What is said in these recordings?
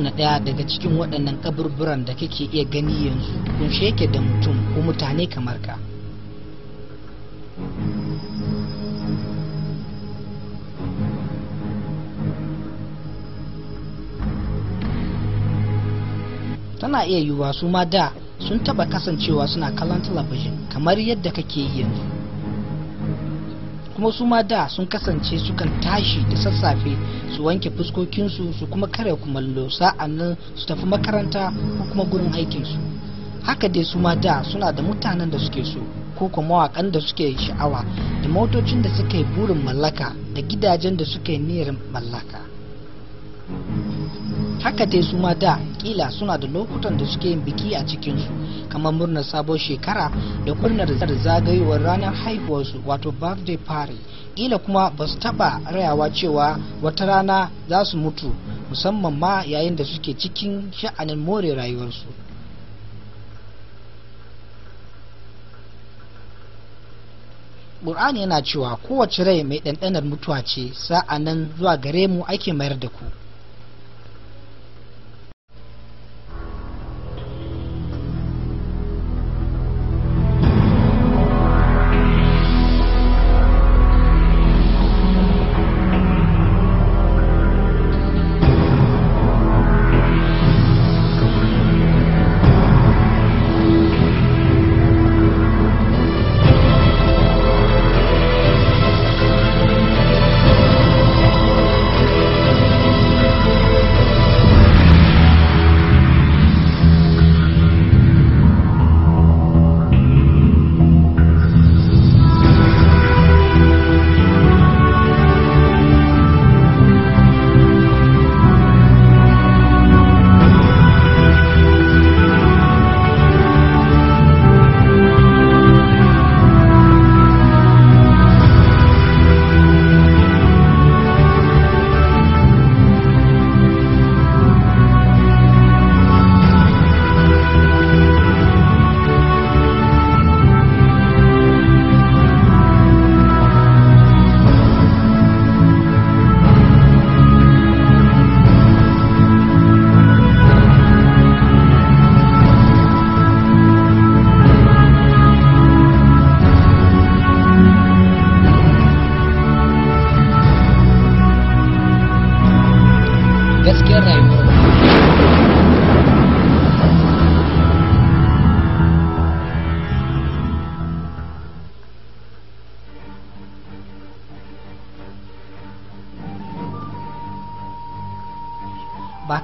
kowane ɗaya daga cikin waɗannan kaburburan da kake iya gani yanzu kunshe yake da mutum ko mutane kamar ka tana iya yiwuwa su ma da sun taba kasancewa suna kallon talabijin kamar yadda kake yi yanzu kuma su ma da sun kasance sukan tashi da sassafe su wanke fuskokinsu su kuma kare kumallo sa'annan su tafi makaranta ko kuma gurin aikinsu haka dai su ma da suna da mutanen da suke so ko kuma mawakan da suke sha'awa da motocin da suke burin mallaka da gidajen da suke niyyar mallaka haka dai su ma da kila suna da lokutan da suke yin biki a cikin su kamar murnar sabon shekara da murnar zagayowar ranar haihuwarsu wato birthday party kila kuma ba su taba rayawa cewa wata rana za su mutu musamman ma yayin da suke cikin sha'anin more rayuwarsu Qur'ani yana cewa kowace rai mai ɗanɗanar mutuwa ce sa'annan zuwa gare mu ake mayar da ku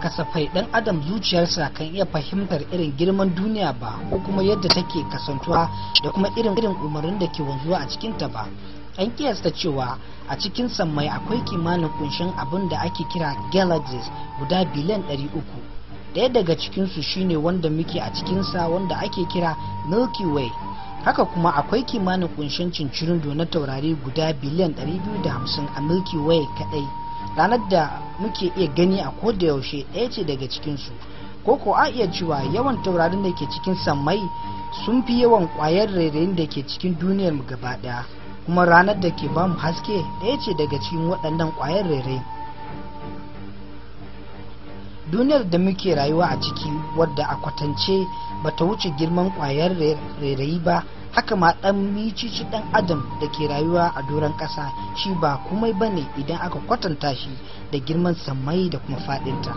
kasafai dan adam zuciyarsa kan iya fahimtar irin girman duniya ba ko kuma yadda take kasantuwa da kuma irin irin umarnin da ke wanzuwa a cikinta ba an kiyasta cewa a cikin sammai akwai kimanin kunshin abin da ake kira galaxies guda biliyan ɗari uku ɗaya daga cikinsu shine wanda muke a cikinsa wanda ake kira milky way haka kuma akwai kimanin kunshin cincirindo na taurari guda biliyan ɗari biyu da hamsin a milky way kadai ranar da muke iya gani a ko da yaushe ɗaya ce daga cikinsu ko ko a iya cewa yawan taurarin da ke cikin sammai sun fi yawan ƙwayar rairayin da ke cikin duniyar mu gaba ɗaya kuma ranar da ke bamu haske ɗaya ce daga cikin waɗannan ƙwayar rairayin duniyar da muke rayuwa a ciki wadda a kwatance bata wuce girman ƙwayar rairayi ba haka ma dan micici dan adam da ke rayuwa a doron ƙasa shi ba komai bane idan aka kwatanta shi da girman samai da kuma faɗinta.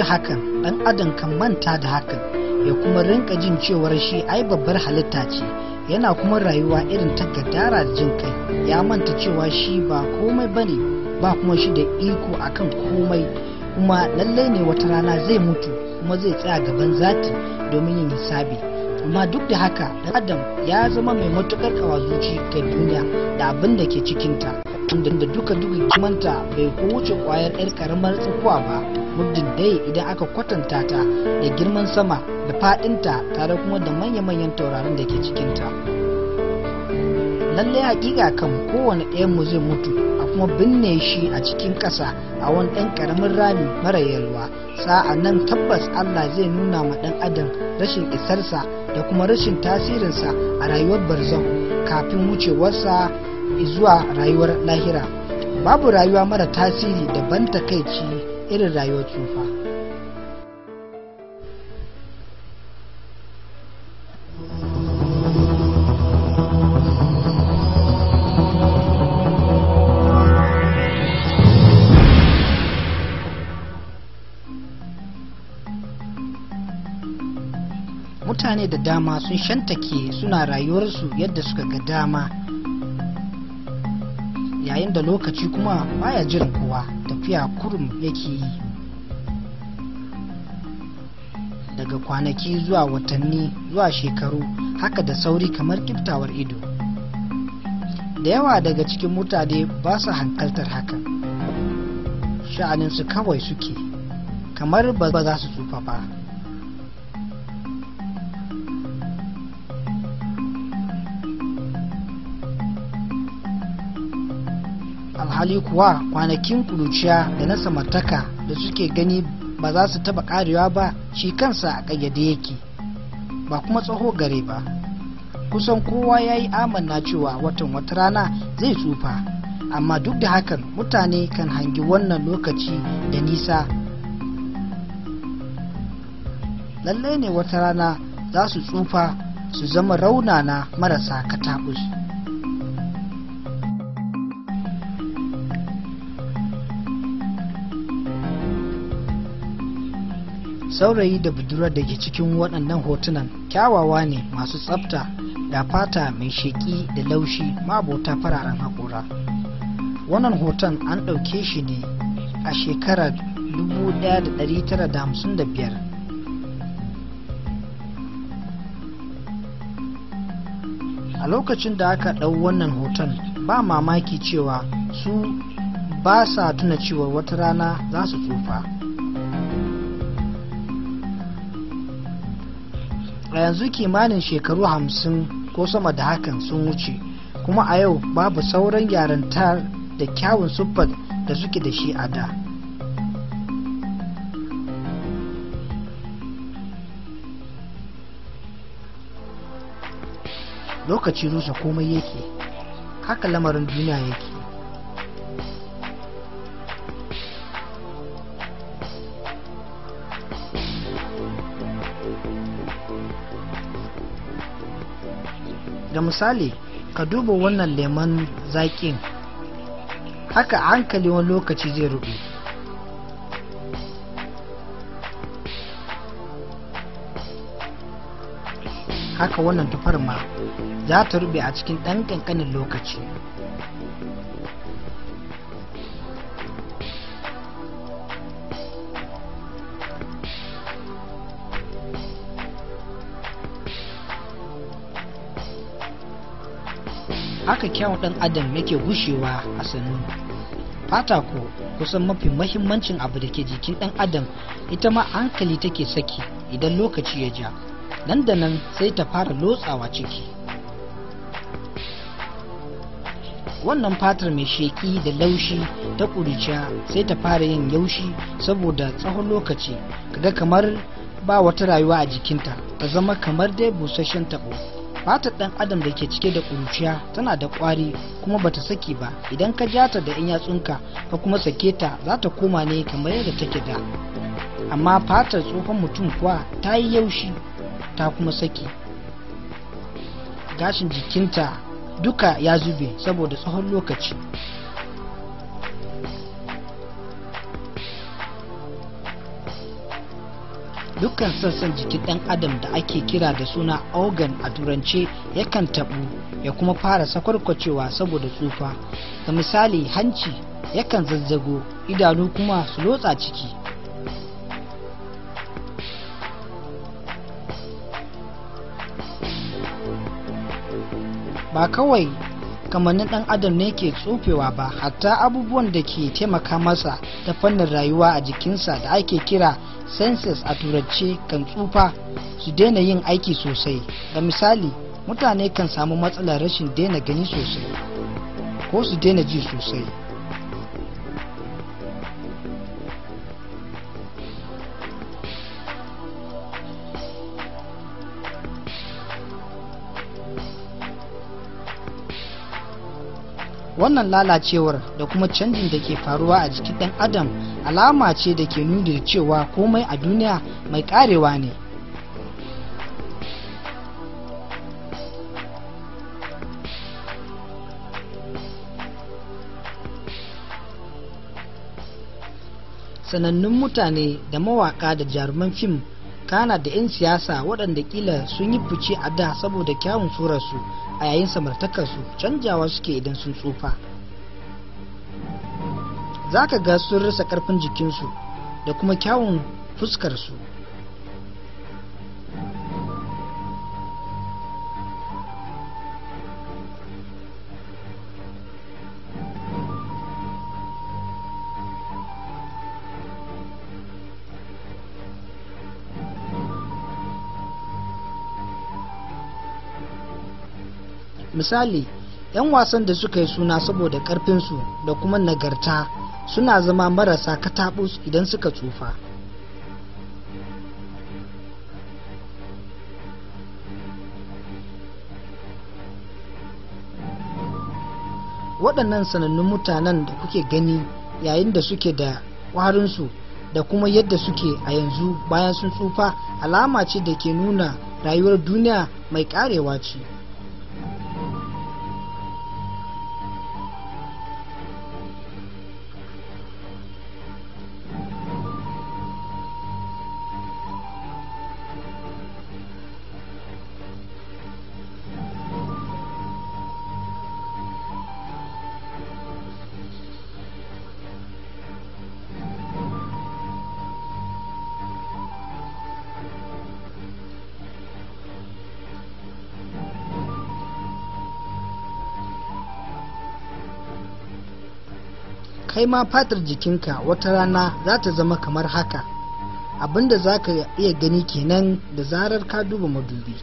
da hakan ɗan adam kan manta da hakan ya kuma rinka jin cewar shi ai babbar halitta ce yana kuma rayuwa irin ta gadara da jin kai ya manta cewa shi ba komai bane ba kuma shi da iko akan komai kuma lallai ne wata rana zai mutu kuma zai tsaya gaban zati domin yin hisabi amma duk da haka ɗan adam ya zama mai matukar kawazuci ga duniya da abin da ke cikinta da duka duka kimanta bai ko kwayar yar karamar tsakuwa ba muddin dai idan aka kwatanta ta da girman sama da fadinta tare kuma da manya-manyan taurarin da ke cikinta lallai hakika kan kowane ɗayan mu zai mutu a kuma binne shi a cikin ƙasa a wani ɗan ƙaramin rami mara yalwa sa'a nan tabbas allah zai nuna ma ɗan adam rashin isarsa da kuma rashin tasirinsa a rayuwar barzan kafin wucewarsa zuwa rayuwar lahira babu rayuwa mara tasiri da ban takaici irin rayuwar tsufa mutane da dama sun shantake suna rayuwarsu yadda suka ga dama yayin da lokaci kuma baya jiran kowa tafiya kurum yake yi daga kwanaki zuwa watanni zuwa shekaru haka da sauri kamar kiftawar ido da yawa daga cikin mutane ba su hankaltar hakan sha'aninsu kawai suke kamar ba za su tsufa ba hali kuwa kwanakin kuruciya da na samartaka da suke gani ba za su taba karewa ba shi kansa a kayyade yake ba kuma tsaho gare ba kusan kowa ya yi amanna cewa watan wata rana zai tsufa amma duk da hakan mutane kan hangi wannan lokaci da nisa lallai ne wata rana za su tsufa su zama raunana marasa katakus. saurayi da budurwar da ke cikin waɗannan hotunan kyawawa ne masu tsafta da fata mai sheƙi da laushi mabota fararen haƙora wannan hoton an ɗauke shi ne a shekarar 1955 a lokacin da aka ɗau wannan hoton ba mamaki cewa su ba sa tuna cewa wata rana za su tsufa a yanzu kimanin shekaru hamsin ko sama da hakan sun wuce kuma a yau babu sauran yarantar da kyawun siffar da suke da shi a da lokaci rusa komai yake haka lamarin duniya yake ga misali ka duba wannan lemon zaƙin haka a hankali wani lokaci zai ruɓe haka wannan tufar ma za ta ruɓe a cikin ɗan ƙanƙanin lokaci haka kyawun dan adam yake gushewa a sannu fata ko kusan mafi mahimmancin abu da ke jikin dan adam ita ma hankali take saki idan lokaci ya ja nan da nan sai ta fara lotsawa ciki wannan fatar mai sheki da laushi ta ƙuriciya sai ta fara yin yaushi saboda tsawon lokaci kaga kamar ba wata rayuwa a jikinta ta zama kamar dai busasshen taɓo fatar ɗan adam da ke cike da ƙuruciya tana da ƙwari kuma bata saki ba idan ka ja ta da 'yan yatsunka ka kuma sake ta za ta koma ne kamar yadda take da amma fatar tsohon mutum kuwa ta yi yaushi ta kuma saki gashin jikinta duka ya zube saboda tsohon lokaci dukkan sassan jikin ɗan adam da ake kira da suna organ a turance yakan taɓu ya kuma fara sakwarkwacewa saboda tsufa ga misali hanci yakan zazzago idanu kuma su lotsa ciki ba kawai kamannin ɗan adam ne ke tsofewa ba hatta abubuwan da ke taimaka masa ta fannin rayuwa a jikinsa da ake kira census a turance kan tsufa su daina yin aiki sosai ga misali mutane kan samu matsalar rashin daina gani sosai ko su daina ji sosai wannan lalacewar da kuma canjin da ke faruwa a jikin ɗan adam alama ce da ke nuni da cewa komai a duniya mai karewa ne sanannun mutane da mawaka da jaruman fim kana da 'yan siyasa waɗanda ƙila sun yi fice a da saboda kyawun surarsu a yayin samartakarsu canjawa suke idan sun tsufa za ka ga sun rasa ƙarfin jikinsu da kuma kyawun fuskarsu misali 'yan wasan da suka yi suna saboda karfinsu da kuma nagarta suna zama marasa katabus idan suka tsufa waɗannan sanannun mutanen da kuke gani yayin da suke da ƙwarinsu da kuma yadda suke a yanzu bayan sun tsufa alama ce da ke nuna rayuwar duniya mai ƙarewa ce kai ma fatar jikinka wata rana za ta zama kamar haka abinda za ka iya gani kenan da zarar ka duba madubi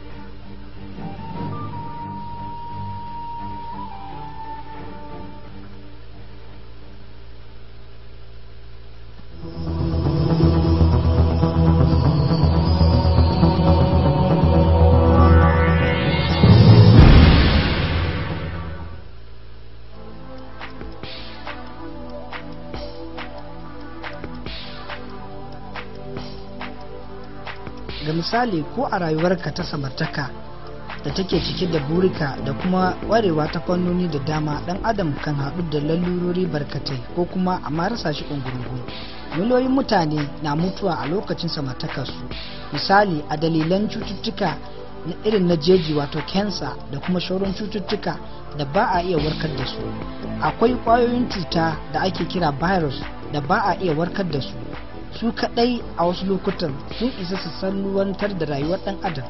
da misali ko a rayuwarka ta samartaka da take cike da burika da kuma warewa ta fannoni da dama dan adam kan haɗu da lalurori barkatai ko kuma a marasa shi ungurungu miliyoyin mutane na mutuwa a lokacin samartakarsu misali a dalilan cututtuka na irin na jeji wato kensa da kuma shauran cututtuka da ba a iya warkar da su akwai kwayoyin cuta da ake kira virus da ba a iya warkar da su su kadai a wasu lokutan sun isa su sannuwantar da rayuwar dan adam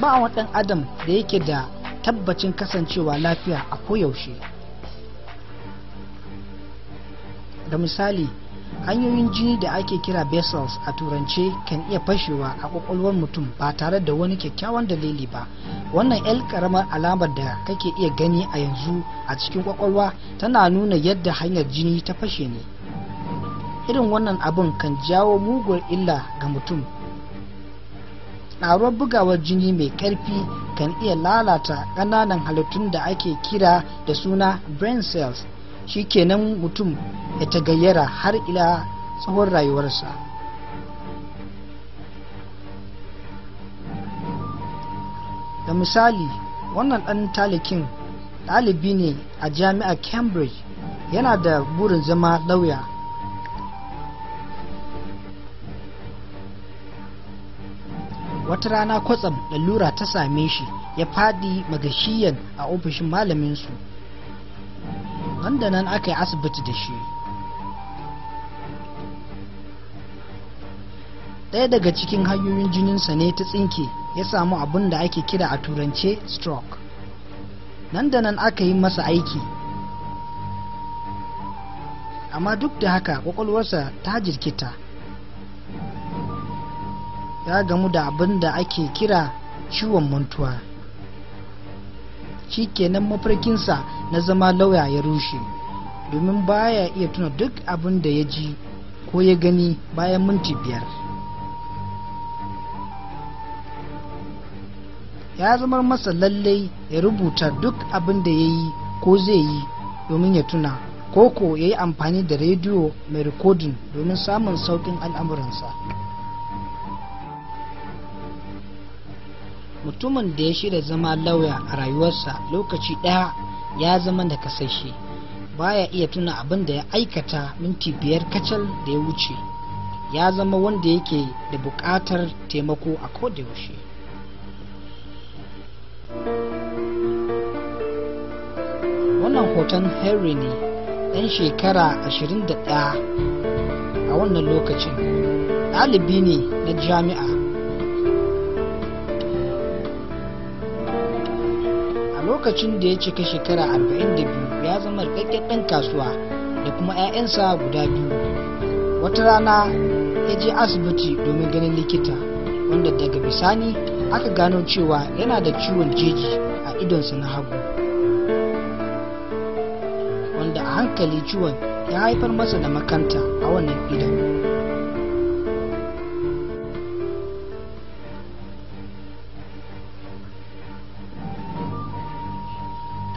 ba wa dan adam da yake da tabbacin kasancewa lafiya a koyaushe da misali hanyoyin jini da ake kira vessels a turance kan iya fashewa a kwakwalwar mutum ba tare da wani kyakkyawan dalili ba wannan 'yan karamar alamar da kake iya gani a yanzu a cikin kwakwalwa tana nuna yadda hanyar jini ta fashe ne irin wannan abin kan jawo mugun illa ga mutum ƙaruwar bugawar jini mai ƙarfi kan iya lalata ƙananan halittun da ake kira da suna brain cells shi kenan mutum ya ta gayyara har ila tsawon rayuwarsa da misali wannan ɗan talikin ɗalibi ne a jami'ar cambridge yana da burin zama lauya wata rana kwatsam lalura ta same shi ya fadi magashiyan a ofishin malaminsu nan da nan aka yi asibiti da shi ɗaya daga cikin hanyoyin jininsa ne ta tsinke ya samu abin da ake kira a turance stroke nan da nan aka yi masa aiki amma duk da haka kwakwalwarsa ta jirkita ya gamu da abin da ake kira ciwon mantuwa shi kenan mafarkinsa na zama lauya ya rushe domin baya iya tuna duk abin da ya ji ko ya gani bayan minti biyar ya zama masa lallai ya rubuta duk abin da ya yi ko zai yi domin ya tuna koko ya yi amfani da rediyo mai rikodin domin samun saukin al'amuransa mutumin da ya shirya zama lauya a rayuwarsa lokaci ɗaya ya zama da kasashe baya iya tuna abin da ya aikata minti biyar kacal da ya wuce ya zama wanda yake da buƙatar taimako a kodayaushe wannan hoton henry ne ɗan shekara 21 a wannan lokacin ɗalibi ne na jami'a lokacin da ya cika shekara 42 ya zama rikakken ɗan kasuwa da kuma 'ya'yansa guda biyu wata rana ya je asibiti domin ganin likita wanda daga bisani aka gano cewa yana da ciwon jeji a idonsa na hagu wanda a hankali ciwon ya haifar masa da makanta a wannan idon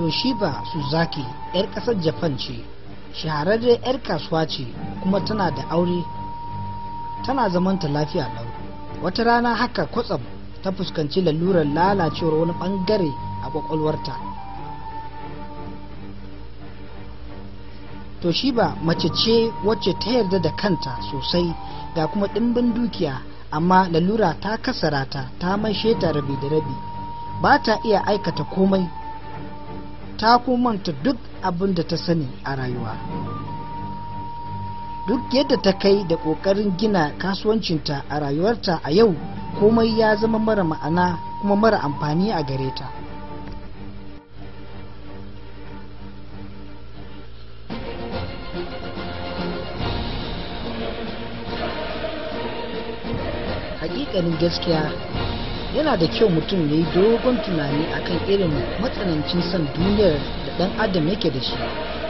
toshiba suzaki 'yar kasar japan ce shahararren 'yar kasuwa ce kuma tana da aure tana zamanta lafiya lau wata rana haka kwatsam ta fuskanci lalurar lalacewar wani bangare a kwakwalwarta toshiba mace ce wacce ta yarda da kanta sosai ga kuma ɗimbin dukiya amma lalura ta kasarata ta ta maishe ta rabi da rabi ba ta iya aikata komai ta kuma manta duk abin da ta sani a rayuwa duk yadda ta kai da ƙoƙarin gina kasuwancinta a rayuwarta a yau komai ya zama mara ma'ana kuma mara amfani a gare ta hakikanin gaskiya yana da kyau mutum ya yi dogon tunani akan irin matsanancin son duniyar da ɗan adam yake da shi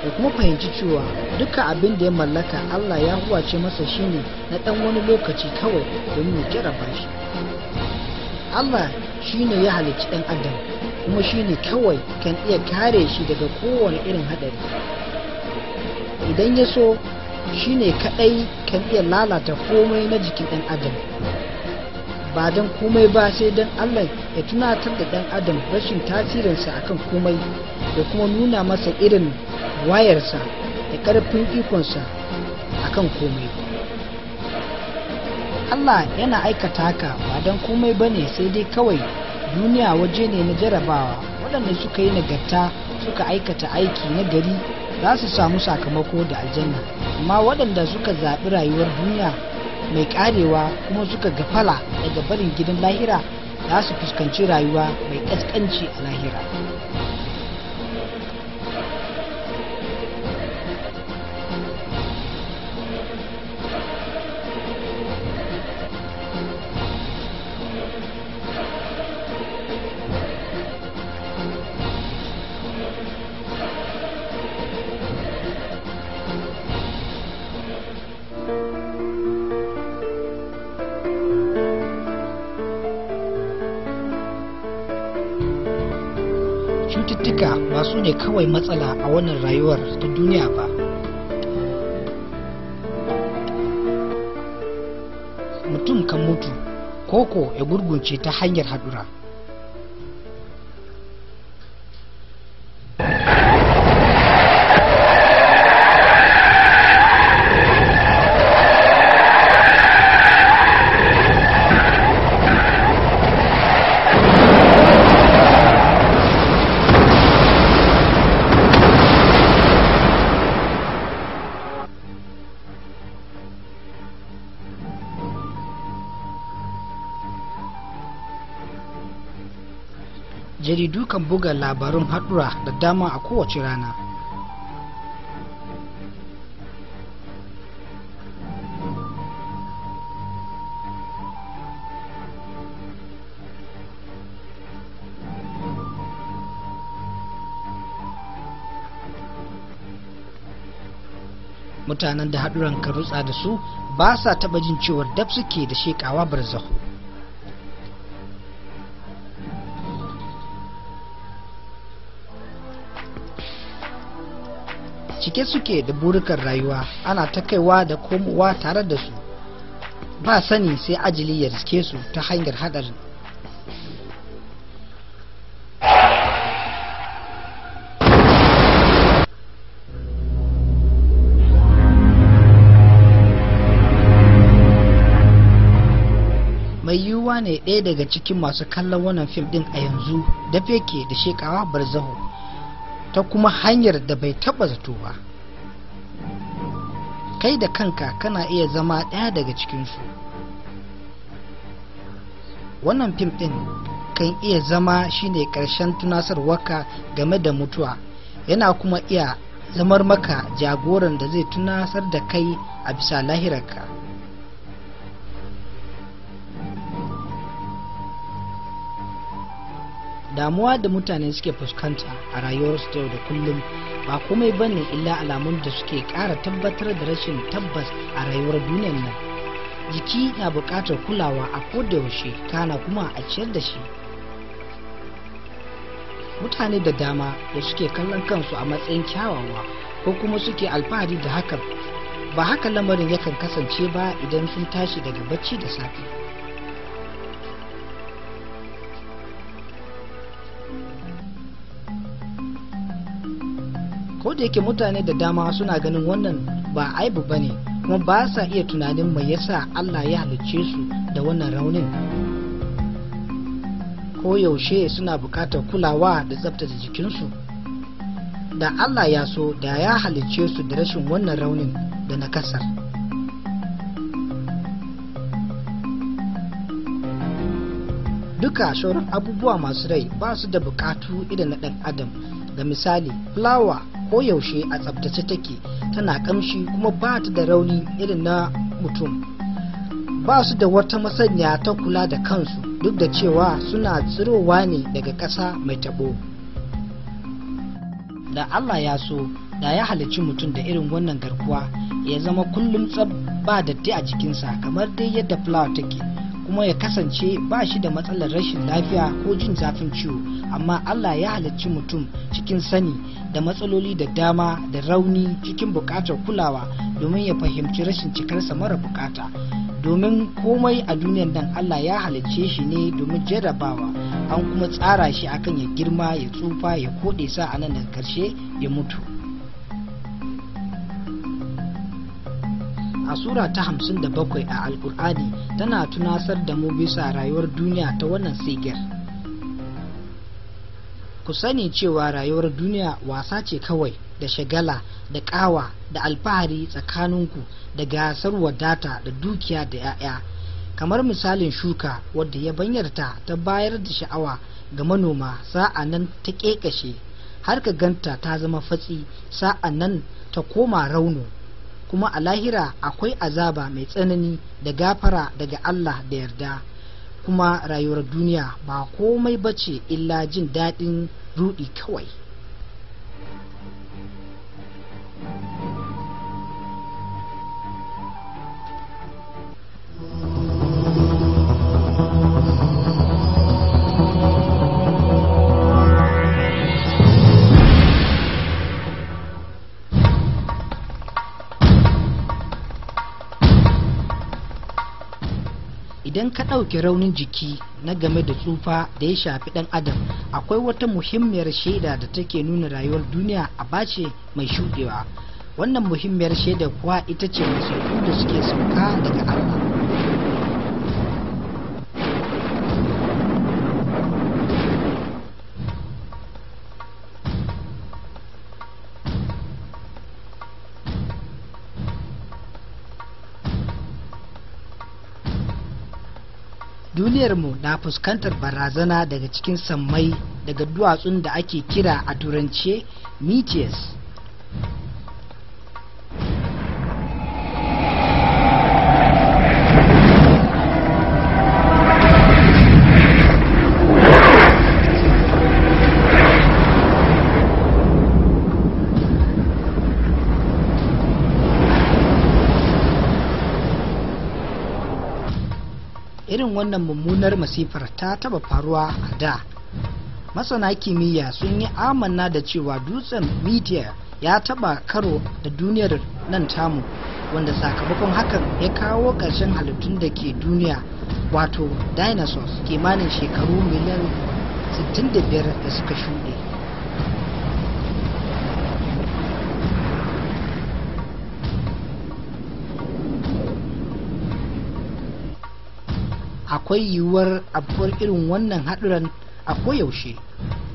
da kuma fahimci cewa duka abin da ya mallaka allah ya huwace masa shine na ɗan wani lokaci kawai domin ya jarraba shi allah shine ya halicci ɗan adam kuma shine kawai kan iya kare shi daga kowane irin haɗari idan ya so shine kaɗai kan iya lalata komai na jikin ɗan adam ba don komai ba sai don allah ya tunatar da dan adam rashin tasirinsa akan komai da kuma nuna masa irin wayarsa da karfin ikonsa kan komai allah yana aikata haka ba don komai ba ne sai dai kawai duniya waje ne na jarabawa waɗanda suka yi nagarta suka aikata aiki na gari za su samu sakamako da aljanna amma waɗanda suka zaɓi rayuwar duniya mai karewa kuma suka gafala daga barin gidan lahira za su fuskanci rayuwa mai kaskanci a lahira kawai matsala a wannan rayuwar ta duniya ba mutum kan mutu koko ya gurgunce ta hanyar haɗura. jaridu kan buga labarun haɗura da dama a kowace rana mutanen da haɗuran ka rutsa da su ba sa taɓa jin cewar dab suke da shekawa barzahu cike suke da burukan rayuwa ana ta kaiwa da komowa tare da su ba sani sai ajili ya riske su ta hanyar hadarin mai yiwuwa ne ɗaya daga cikin masu kallon wannan fim ɗin a yanzu da feke da shekawa barzaho ta kuma hanyar da bai taɓa zato ba kai da kanka kana iya zama ɗaya daga cikinsu wannan fim ɗin kan iya zama shine ƙarshen tunasar waka game da mutuwa yana kuma iya zamar maka jagoran da zai tunasar da kai a bisa lahirarka damuwa da mutane suke fuskanta a rayuwarsu yau da kullum ba komai ba illa alamun da suke ƙara tabbatar da rashin tabbas a rayuwar duniyar nan jiki na bukatar kulawa a kodayaushe kana kuma a ciyar da shi mutane da dama da suke kallon kansu a matsayin kyawawa ko kuma suke alfahari da hakan ba haka lamarin yakan kasance ba idan sun tashi daga bacci da safe da yake mutane da dama suna ganin wannan ba aibu ba ne kuma ba sa iya tunanin mai yasa allah ya halicce su da wannan raunin koyaushe suna bukatar kulawa da tsaftace jikinsu da allah ya so da ya halicce su da rashin wannan raunin da na kasar duka sauran abubuwa masu rai ba su da bukatu idan na dan adam ga misali fulawa koyaushe a tsabtace take tana kamshi kuma ba ta da rauni irin na mutum ba su da wata masanya ta kula da kansu duk da cewa suna tsirowa ne daga ƙasa mai tabo da allah ya so da ya halici mutum da irin wannan garkuwa ya zama kullum tsab ba datti a jikinsa kamar dai yadda fulawa take kuma ya kasance ba shi da matsalar rashin lafiya ko jin zafin ciwo amma Allah ya halarci mutum cikin sani da matsaloli da dama da rauni cikin bukatar kulawa domin ya fahimci rashin cikarsa mara bukata domin komai a duniyar nan Allah ya halarce shi ne domin jarrabawa an kuma tsara shi akan ya girma ya tsufa ya koɗe sa a nan da karshe ya mutu. a sura ta hamsin da bakwai a alkur'ani tana tunasar da mu bisa rayuwar duniya ta wannan sigar ku sani cewa rayuwar duniya wasa ce kawai da shagala da ƙawa da alfahari tsakaninku da gasar wadata da dukiya da 'ya'ya kamar misalin shuka wadda ya banyarta ta bayar da sha'awa ga manoma sa'a nan ta ƙeƙashe har ka ganta ta zama fatsi sa'a nan ta koma rauno kuma a lahira akwai azaba mai tsanani da gafara daga Allah da yarda kuma rayuwar duniya ba komai bace illa jin daɗin ruɗi kawai idan ka ɗauki raunin jiki na game da tsufa da ya shafi ɗan adam akwai wata muhimmiyar shaida da take nuna rayuwar duniya a bace mai shuɗewa wannan muhimmiyar shaida kuwa ita ce masauku da suke sauka daga allah duniyarmu na fuskantar barazana daga cikin sammai daga duwatsun da ake kira a turance meteors wannan mummunar masifar ta taba faruwa a da masana kimiyya sun yi amanna da cewa dutsen media ya taba karo da duniyar nan tamu wanda sakamakon hakan ya kawo ƙarshen halittun da ke duniya wato dinosaurs kimanin shekaru miliyan 65 da suka shuɗe akwai yiwuwar abuwar irin wannan haɗuran a koyaushe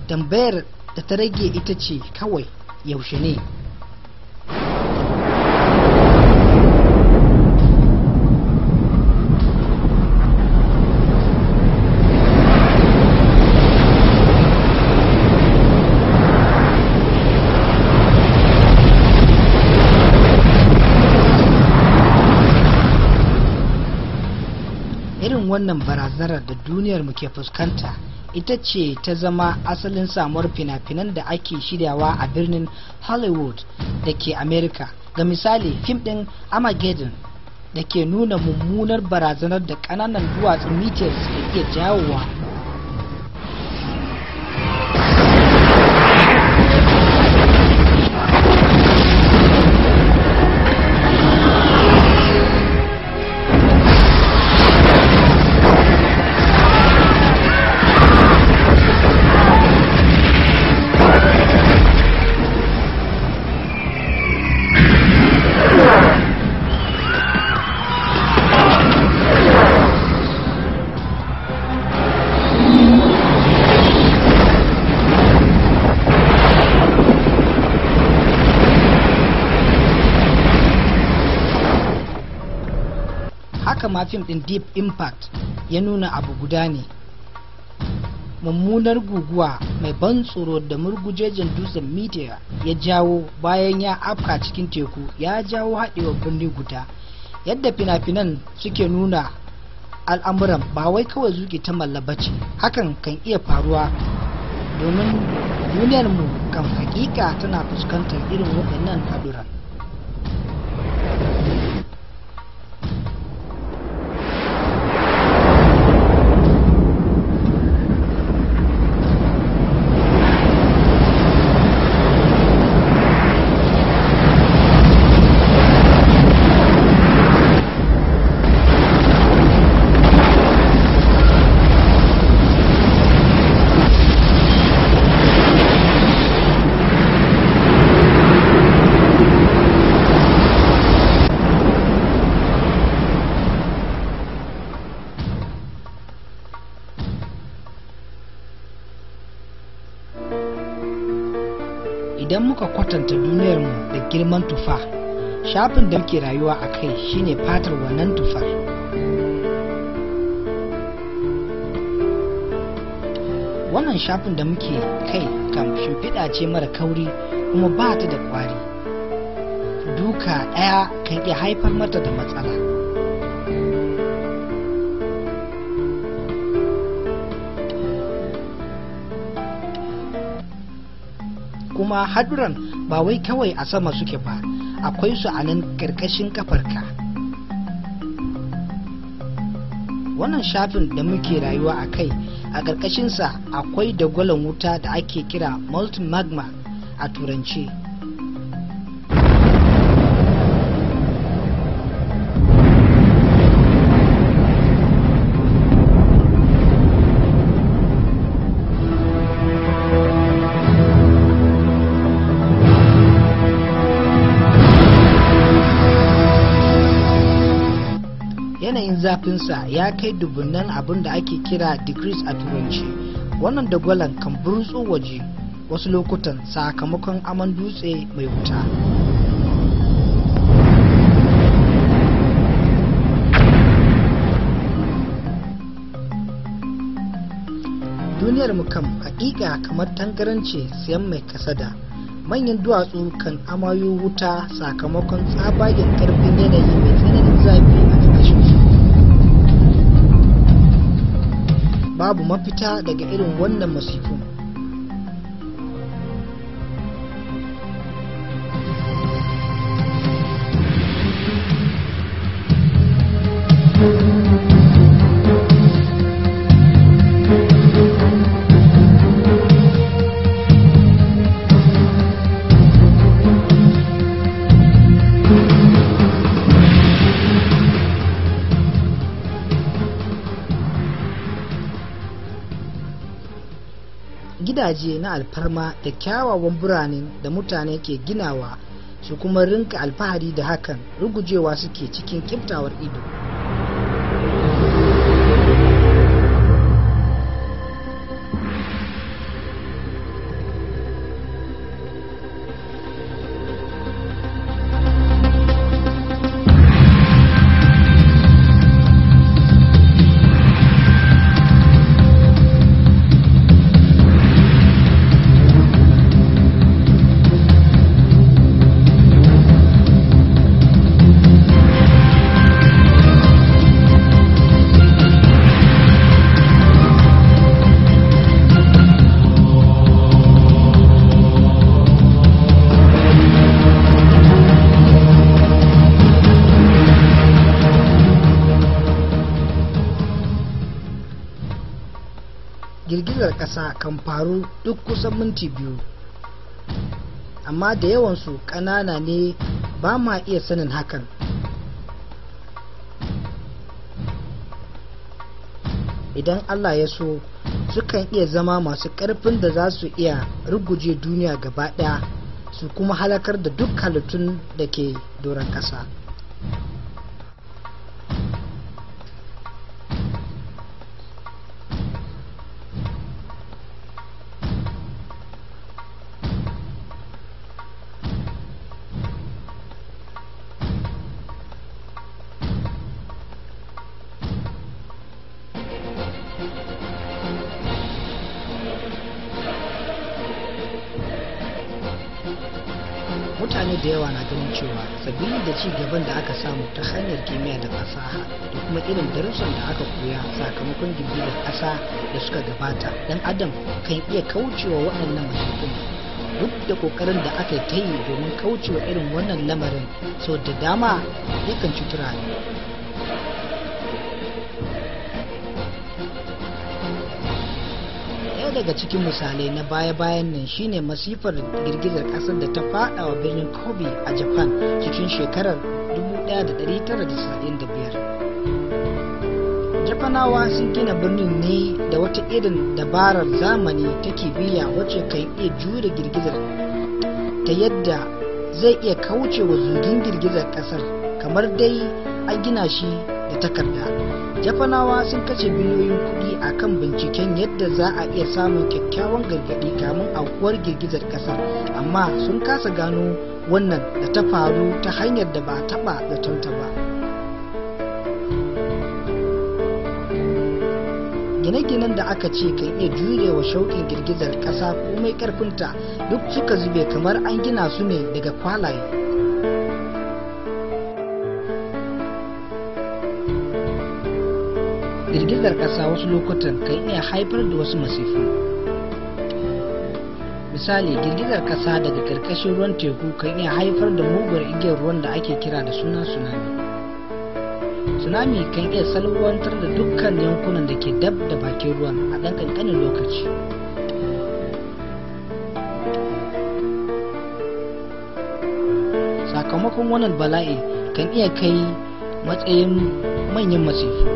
tambayar da ta rage ita ce kawai yaushe ne wannan barazanar da duniyar mu ke fuskanta ita ce ta zama asalin samuwar fina-finan da ake shiryawa a birnin hollywood da ke america ga misali fim din armageddon da ke nuna mummunar barazanar da kananan duwatsun meters da iya jawowa ma fim din deep impact ya nuna abu guda ne mummunar guguwa mai ban tsoro da murgujejen dutsen media ya jawo bayan ya afka cikin teku ya jawo haɗewar birni guda yadda fina-finan suke nuna al'amuran ba wai kawai zuke ta mallaba ce hakan kan iya faruwa domin duniyarmu kan hakika tana fuskantar irin waɗannan haɗuran. muka kwatanta duniyarmu da girman tufa shafin da muke rayuwa a kai shine fatar wannan tufar wannan shafin da muke kai kam shimfiɗa ce mara kauri kuma ba ta da kwari duka ɗaya kan iya haifar mata da matsala kuma haduran ba wai kawai a sama suke ba akwai su a nan ƙarƙashin kafarka wannan shafin da muke rayuwa a kai a ƙarƙashinsa akwai dagwalon wuta da ake kira multi magma a turance yanayin zafin sa ya kai dubunnan abin da ake kira degrees a turanci wannan dagwalon kan burtso waje wasu lokutan sakamakon aman dutse mai wuta duniyar mu kam hakika kamar tangaranci sayan mai kasada manyan duwatsu kan amayo wuta sakamakon tsabagen karfin yanayi mai tsananin zafi babu mafita daga irin wannan masifun gidaje na alfarma da kyawawan birane da mutane ke ginawa su kuma rinka alfahari da hakan rugujewa suke cikin kiftawar ido ƙasa kan faru duk kusan minti biyu amma da yawansu ƙanana ne ba ma iya sanin hakan idan allah ya so sukan iya zama masu ƙarfin da za su iya ruguje duniya gaba ɗaya su kuma halakar da duk halittun da ke doron ƙasa. abin da aka samu ta hanyar kimiyya da fasaha da kuma irin darussan da aka koya sakamakon girgizar ƙasa da suka gabata dan adam kan iya kaucewa waɗannan mashaƙun duk da kokarin da aka ta yi domin kaucewa irin wannan lamarin sau da dama yakan cutar rayu daga cikin misalai na baya-bayan nan shine masifar girgizar kasar da ta faɗawa birnin kobe a japan cikin shekarar 1995 japanawa sun gina birnin ne da wata irin dabarar zamani ta biya wacce kan iya jure girgizar ta yadda zai iya kauce wa zugin girgizar kasar kamar dai an gina shi da takarda japanawa sun kashe biliyoyin kuɗi a kan binciken yadda za a iya samun kyakkyawan gargadi kamun aukuwar girgizar kasar amma sun kasa gano wannan da ta faru ta hanyar da ba taɓa zatonta ba gine-ginen da aka ce kan iya jurewa shauƙin girgizar ƙasa ko mai ƙarfinta duk suka zube kamar an gina su ne daga kwalaye girgizar ƙasa wasu lokutan kan iya haifar da wasu masifu misali girgizar kasa daga karkashin ruwan teku kan iya haifar da mugun igiyar ruwan da ake kira da suna tsunami tsunami kan iya salwantar da dukkan yankunan da ke dab da bakin ruwan a ɗan ƙanƙanin lokaci sakamakon wannan bala'i kan iya kai matsayin manyan masifu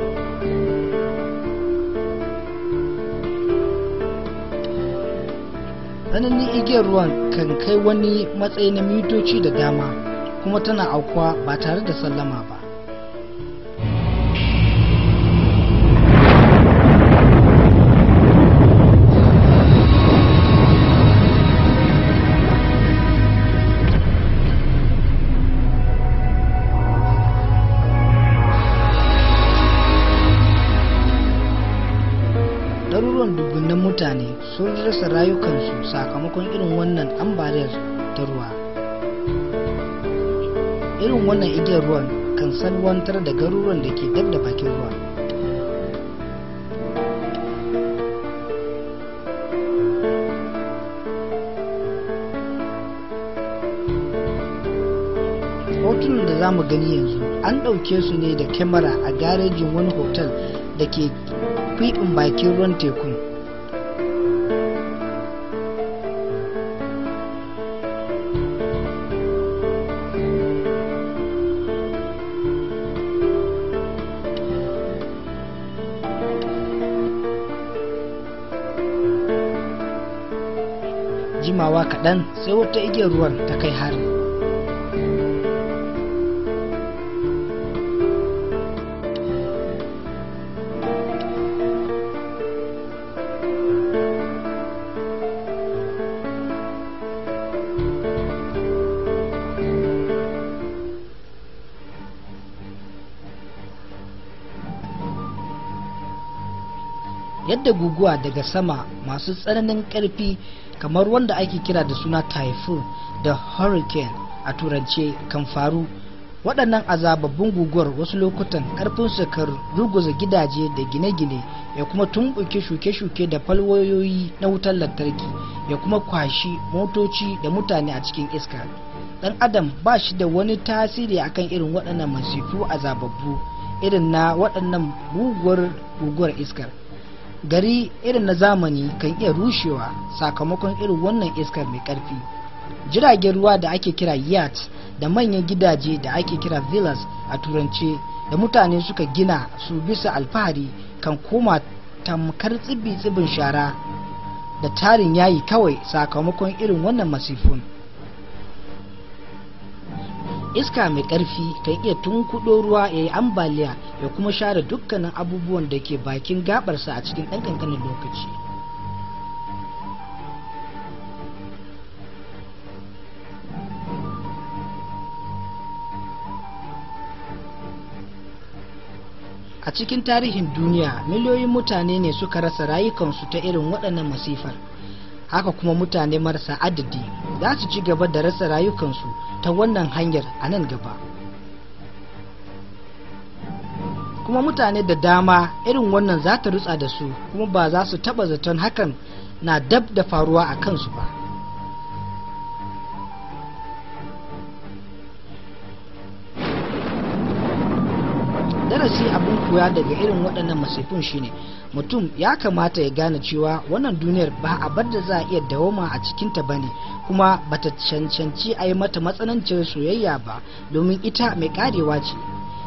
tsananin igiyar ruwan kan kai wani matsayi na mitoci da dama kuma tana aukuwa ba tare da sallama ba mutane sun rasa rayukansu sakamakon irin wannan ambaliyar ta ruwa irin wannan igiyar ruwan kan salwantar da garuruwan da ke dab da bakin ruwa hotunan da za mu gani yanzu an ɗauke su ne da kyamara a garejin wani hotel da ke kwiɓin bakin ruwan teku sai wata igiyar ruwan ta kai harin da guguwa daga sama masu tsananin karfi kamar wanda ake kira da suna typhoon da hurricane a turance kan faru waɗannan azababbun guguwar wasu lokutan ƙarfin su kan ruguza gidaje da gine-gine ya kuma tumbuke shuke-shuke da falwayoyi na wutar lantarki ya kuma kwashi motoci da mutane a cikin iska ɗan adam ba shi da wani tasiri akan irin waɗannan masifu azababbu irin na waɗannan guguwar guguwar iskar gari irin na zamani kan iya rushewa sakamakon irin wannan iskar mai karfi jiragen ruwa da ake kira yacht da manyan gidaje da ake kira villas a turance da mutane suka gina su bisa alfahari kan koma tamkar tsibi-tsibin shara da tarin yayi kawai sakamakon irin wannan masifun. iska mai ƙarfi kan iya tunkudo ruwa ya yi ambaliya ya kuma share dukkanin abubuwan da ke bakin gabarsa a cikin ɗan ƙanƙanin lokaci a cikin tarihin duniya miliyoyin mutane ne suka rasa rayukansu ta irin waɗannan masifar haka kuma mutane marasa adadi za su ci gaba da rasa rayukansu ta wannan hanyar a nan gaba kuma mutane da dama irin wannan za ta rutsa da su kuma ba za su taba zaton hakan na dab da faruwa a kansu ba darasi abin koya daga irin waɗannan masifin shine mutum ya kamata ya gane cewa wannan duniyar ba a bar da za a iya dawoma a cikinta ba ne kuma ba ta cancanci a yi mata matsanancin soyayya ba domin ita mai karewa ce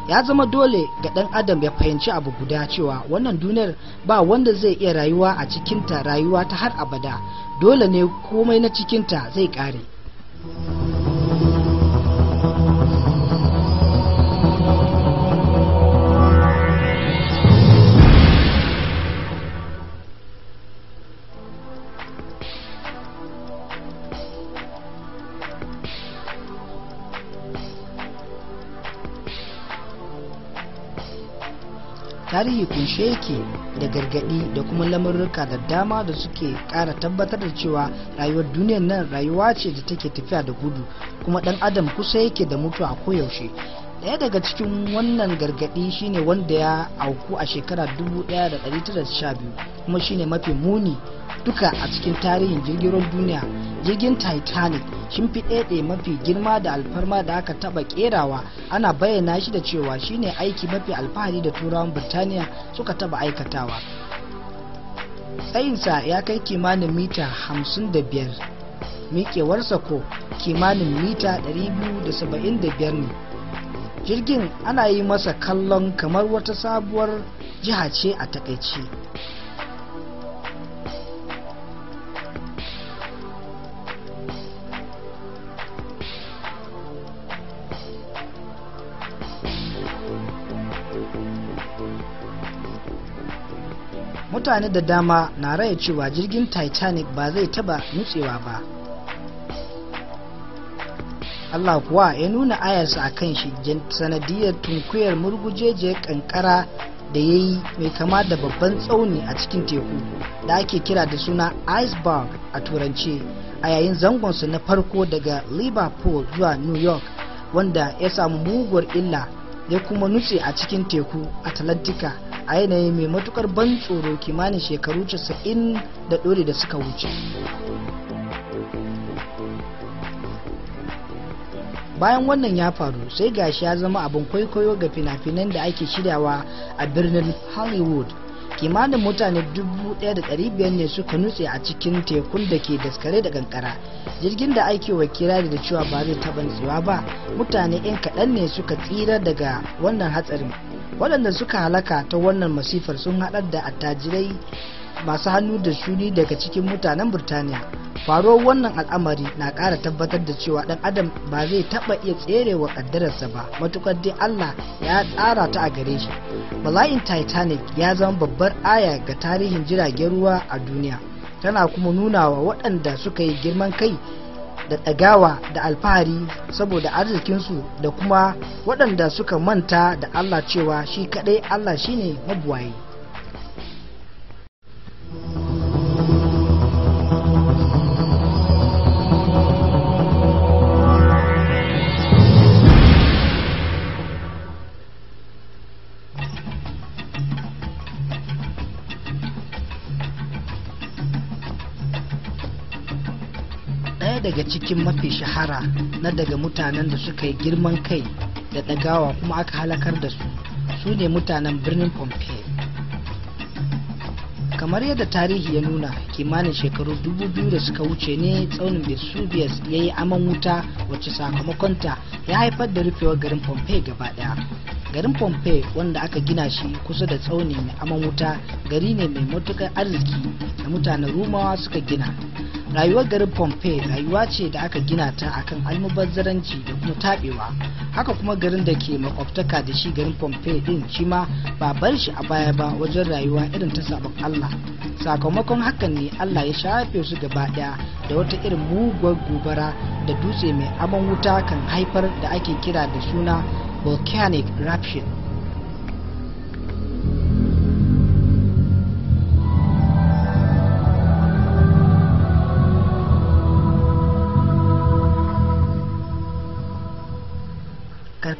ya zama dole ga ɗan adam ya fahimci abu guda cewa wannan duniyar ba wanda zai iya rayuwa a cikinta rayuwa ta har abada dole ne komai na cikinta zai kare. tarihi kunshe yake da gargadi da kuma lamurruka da dama da suke kara tabbatar da cewa rayuwar duniyar nan rayuwa ce da take tafiya da gudu kuma dan adam kusa yake da mutuwa koyaushe daya daga cikin wannan gargadi shine wanda ya auku a shekara 1912 kuma shine mafi muni duka a cikin tarihin jirgin duniya jirgin titanic fi ɗaiɗe mafi girma da alfarma da aka taɓa ƙerawa ana bayyana shi da cewa shine aiki mafi alfahari da turawan birtaniya suka taɓa aikatawa tsayinsa ya kai kimanin mita 55 mikewarsa ko kimanin mita 275 ne jirgin ana yi masa kallon kamar wata sabuwar jiha ce a takaice mutane da dama na raya cewa jirgin titanic ba zai taba nutsewa ba allah kuwa ya nuna ayarsa a kan shi sanadiyar tunkuyar murgujejiyar kankara da ya yi mai kama da babban tsauni a cikin teku da ake kira da suna iceberg a turance a yayin zangonsa na farko daga liverpool zuwa new york wanda ya samu muguwar illa ya kuma nutse a cikin teku atlantika a yanayi mai matukar ban tsoro kimanin shekaru casa'in da ɗore da suka wuce bayan wannan ya faru sai gashi ya zama abin kwaikwayo ga fina-finan da ake shiryawa a birnin hollywood kimanin mutane 1,500 ne suka nutse a cikin tekun da ke daskare da kankara jirgin da ake wa kirari da cewa ba zai taɓa nutsewa ba mutane 'yan kaɗan ne suka tsira daga wannan hatsarin waɗanda suka halaka ta wannan masifar sun haɗar da attajirai masu hannu da shuni daga cikin mutanen birtaniya faruwar wannan al'amari na ƙara tabbatar da cewa ɗan adam ba zai taba iya tserewa wa ƙaddararsa ba matukar dai allah ya tsara ta a gare shi bala'in titanic ya zama babbar aya ga tarihin jiragen ruwa a duniya tana kuma nuna wa waɗanda suka yi girman kai da ɗagawa da alfahari saboda arzikinsu da kuma waɗanda suka manta da allah cewa shi kaɗai allah shine mabuwayi daga cikin mafi shahara na daga mutanen da suka yi girman kai da ɗagawa kuma aka halakar da su su ne mutanen birnin pompeii kamar yadda tarihi ya nuna kimanin shekaru dubu biyu da suka wuce ne tsaunin vesuvius ya yi aman wuta wacce sakamakonta ya haifar da rufewar garin pompeii gaba daya garin pompeii wanda aka gina shi kusa da tsauni mai aman wuta gari ne mai matukar arziki da mutanen rumawa suka gina rayuwar garin pompeii rayuwa ce da aka gina ta akan almubazzaranci da kuma tabewa haka kuma garin da ke makwabtaka da shi garin pompeii din shi ma ba bar shi a baya ba wajen rayuwa irin ta sabon allah sakamakon hakan ne allah ya shafe su gaba daya da wata irin muguwar gobara da dutse mai aman wuta kan haifar da ake kira da suna volcanic eruption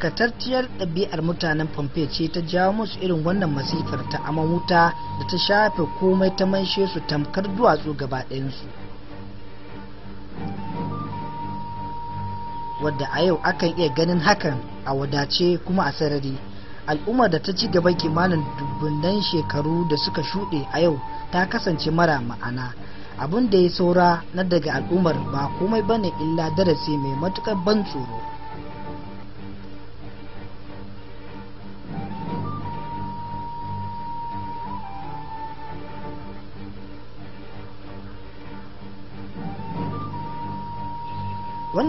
karkatacciyar ɗabi'ar mutanen Pompeii ce ta jawo musu irin wannan masifar ta aman wuta da ta shafe komai ta manshe su tamkar duwatsu gaba ɗayansu. Wadda a yau akan iya ganin hakan a wadace kuma a sarari. Al'ummar da ta ci gaba kimanin dubunnan shekaru da suka shuɗe a yau ta kasance mara ma'ana. abin da ya saura na daga al'ummar ba komai bane illa darasi mai matuƙar ban tsoro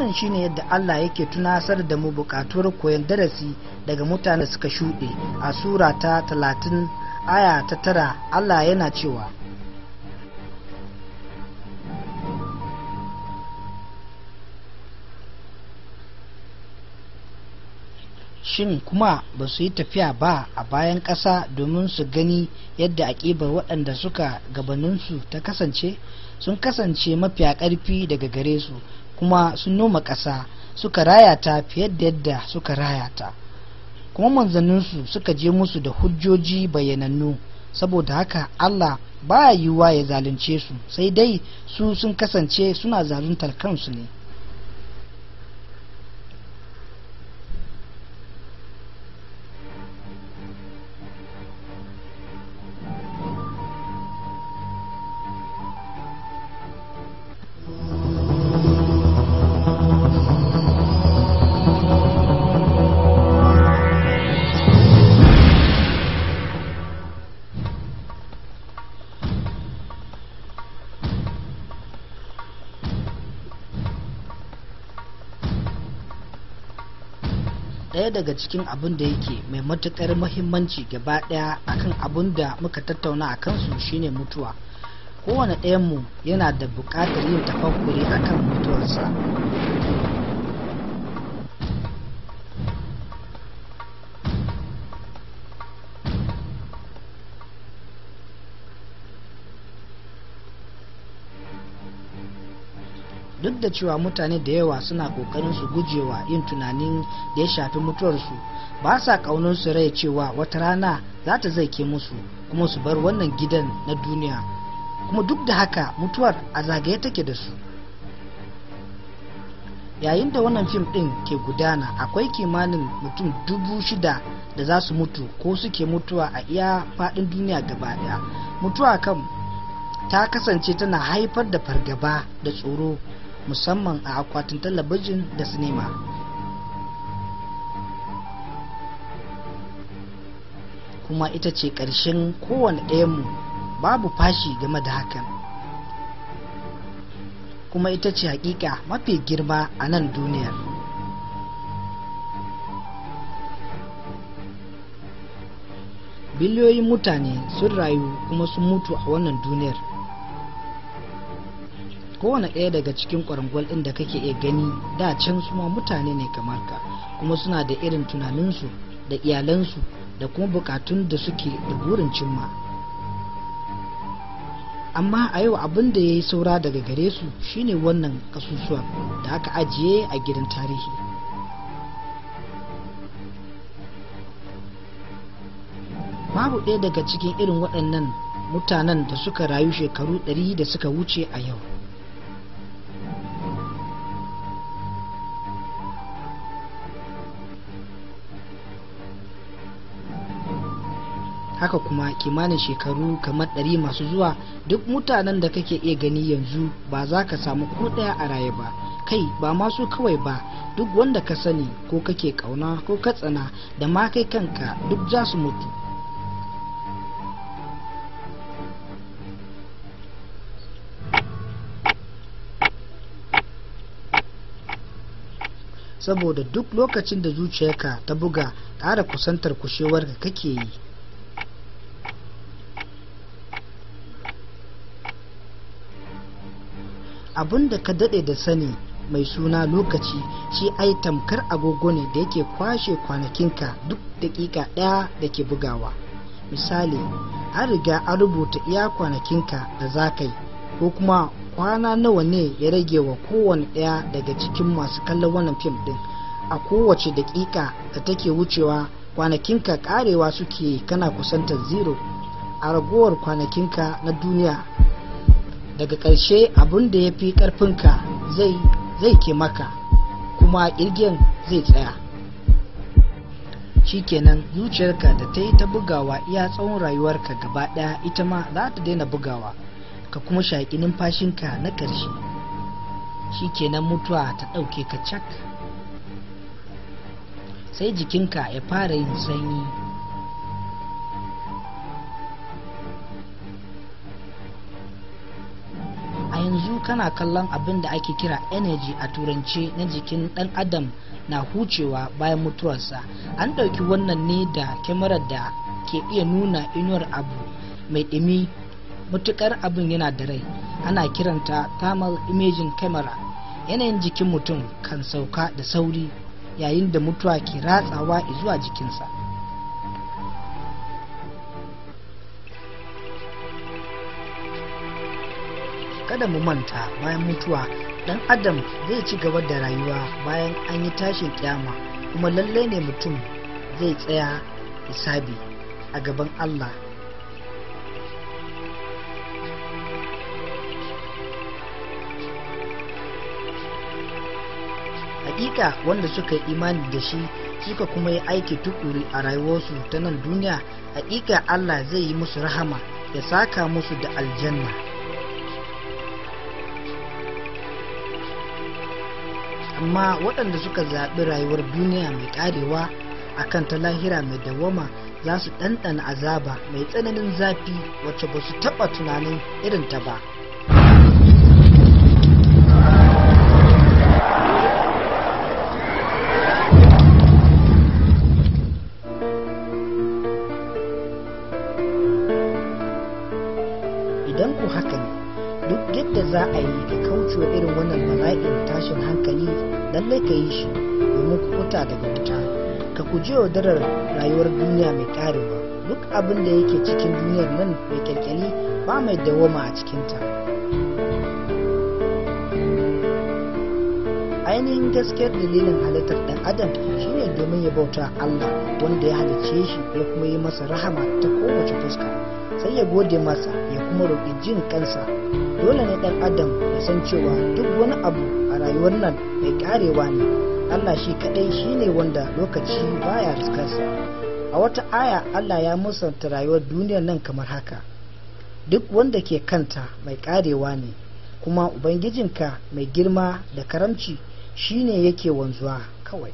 wannan shine yadda Allah yake tunasar da mu bukatuwar koyon darasi daga mutane suka shuɗe a sura ta talatin aya ta tara Allah yana cewa shin kuma ba su yi tafiya ba a bayan ƙasa domin su gani yadda aƙibar waɗanda suka gabaninsu ta kasance sun kasance mafiya ƙarfi daga gare su kuma sun noma ƙasa suka raya ta fiye da yadda suka raya ta kuma manzanninsu suka je musu da hujjoji bayanannu saboda haka Allah baya yiwuwa ya zalunce su sai dai su sun kasance suna zaluntar kansu ne ɗaya daga cikin abin da yake mai matuƙar muhimmanci gaba ɗaya akan abin da muka tattauna a kansu shine mutuwa kowane ɗayanmu yana da buƙatar yin tafakkuri akan mutuwarsa da cewa mutane da yawa suna kokarin su gujewa yin tunanin da ya shafi mutuwarsu ba sa kaunar su rai cewa wata rana za ta zai ke musu kuma su bar wannan gidan na duniya kuma duk da haka mutuwar a zagaye take da su yayin da wannan fim din ke gudana akwai kimanin mutum dubu shida da za su mutu ko suke mutuwa a iya faɗin duniya gaba mutuwa kan ta kasance tana haifar da fargaba da tsoro musamman a akwatin talabijin da sinima kuma ita ce ƙarshen kowane ɗayanmu babu fashi game da hakan kuma ita ce hakika mafi girma a nan duniyar biliyoyin mutane sun rayu kuma sun mutu a wannan duniyar kowane ɗaya daga cikin kwarangwal ɗin da kake iya gani da can suma mutane ne kamar ka kuma suna da irin tunaninsu da iyalansu da kuma bukatun da suke da burin cimma amma a yau abin da ya yi saura daga gare su shine wannan kasusuwan da aka ajiye a gidan tarihi babu ɗaya daga cikin irin waɗannan mutanen da suka rayu shekaru 100 da suka wuce a yau haka kuma kimanin shekaru kamar ɗari masu zuwa duk mutanen da kake iya gani yanzu ba za ka samu ko ɗaya a raye ba kai ba masu kawai ba duk wanda ka sani ko kake ƙauna ko ka tsana da ma kai kanka duk za su mutu saboda duk lokacin da zuciyarka ta buga ƙara kusantar kushewar kushewarka kake yi abin da ka daɗe da sani mai suna lokaci shi ai tamkar agogo ne da yake kwashe kwanakinka duk dakika ɗaya da ke bugawa misali an riga an rubuta iya kwanakinka da za ka yi ko kuma kwana nawa ne ya rage wa kowane ɗaya daga cikin masu kallon wannan fim ɗin a kowace dakika da take wucewa kwanakinka karewa suke kana kusantar zero a ragowar kwanakinka na duniya daga ƙarshe abun da ya fi ƙarfinka zai ke maka kuma ƙirgin zai tsaya shikenan zuciyarka da ta yi ta bugawa iya tsawon rayuwarka gaba ɗaya ita ma za ta daina bugawa ka kuma shaƙi numfashinka na ƙarshe shikenan mutuwa ta ɗauke ka cak sai jikinka ya fara yin sanyi kana kallon abin da ake kira energy a turance na jikin dan adam na hucewa bayan mutuwarsa an ɗauki wannan ne da kyamarar da ke iya nuna inuwar abu mai ɗumi matukar abin yana da rai ana kiranta thermal imaging camera yanayin jikin mutum kan sauka da sauri yayin da mutuwa ke ratsawa zuwa jikinsa kada mu manta bayan mutuwa dan adam zai ci gaba da rayuwa bayan an yi tashin kyama kuma lallai ne mutum zai tsaya hisabi a gaban allah hakika wanda suka yi imani da shi suka kuma yi aiki tukuri a rayuwarsu ta nan duniya hakika Allah zai yi musu rahama ya saka musu da aljanna amma waɗanda suka zaɓi rayuwar duniya mai ƙarewa akan ta lahira mai dawama za su ɗanɗana azaba mai tsananin zafi wacce ba su taɓa tunanin irin ta ba tsira daga wuta ka guji odarar rayuwar duniya mai karewa duk abin da yake cikin duniyar nan mai kyalkyali ba mai dawoma a cikinta ainihin gaskiyar dalilin halittar ɗan adam shine domin ya bauta Allah wanda ya halicce shi ya kuma yi masa rahama ta kowace fuska sai ya gode masa ya kuma roƙi jin kansa dole ne ɗan adam ya san cewa duk wani abu a rayuwar nan mai karewa ne Allah shi kadai ne wanda lokaci baya riskarsa a wata aya Allah ya musanta rayuwar duniyar nan kamar haka duk wanda ke kanta mai karewa ne kuma ubangijinka mai girma da karamci shi ne yake wanzuwa kawai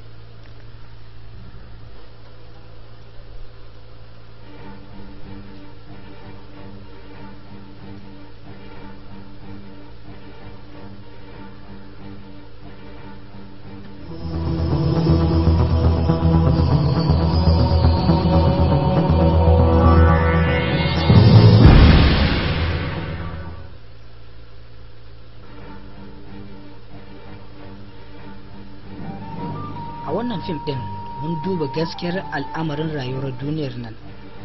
a wannan fim ɗin mun duba gaskiyar al'amarin rayuwar duniyar nan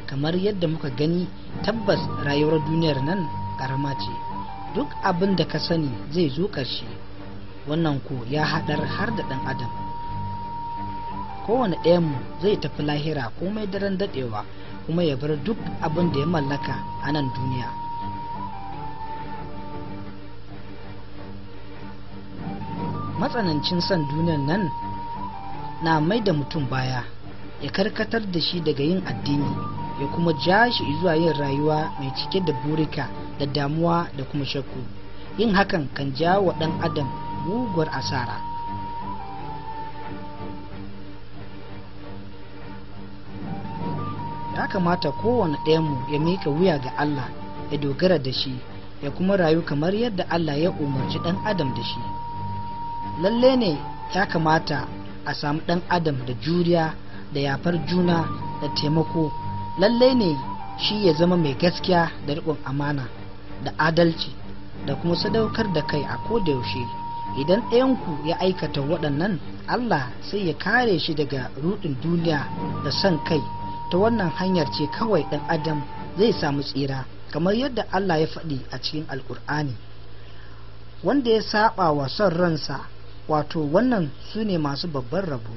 kamar yadda muka gani tabbas rayuwar duniyar nan ƙarama ce duk abin da ka sani zai zo ƙarshe wannan ko ya haɗar har da ɗan adam kowane ɗayanmu zai tafi lahira komai daren daɗewa kuma ya bar duk abin da ya mallaka a nan duniya matsanancin son duniyar nan na mai da mutum baya ya karkatar da shi daga yin addini ya kuma ja shi zuwa yin rayuwa mai cike da burika da damuwa da kuma shakku yin hakan kan ja wa ɗan adam muguwar asara ya kamata kowane mu ya mika wuya ga allah ya dogara da shi ya kuma rayu kamar yadda allah ya umarci ɗan adam da shi lalle ne ya kamata a samu ɗan adam da juriya da yafar juna da taimako lallai ne shi ya zama mai gaskiya da riƙon amana da adalci da kuma sadaukar da kai a ko da yaushe idan ɗayanku ya aikata waɗannan allah sai ya kare shi daga rudin duniya da son kai ta wannan hanyar ce kawai ɗan adam zai samu tsira kamar yadda allah ya faɗi a cikin alkur'ani wanda ya saba wa son ransa wato wannan su ne masu babban rabo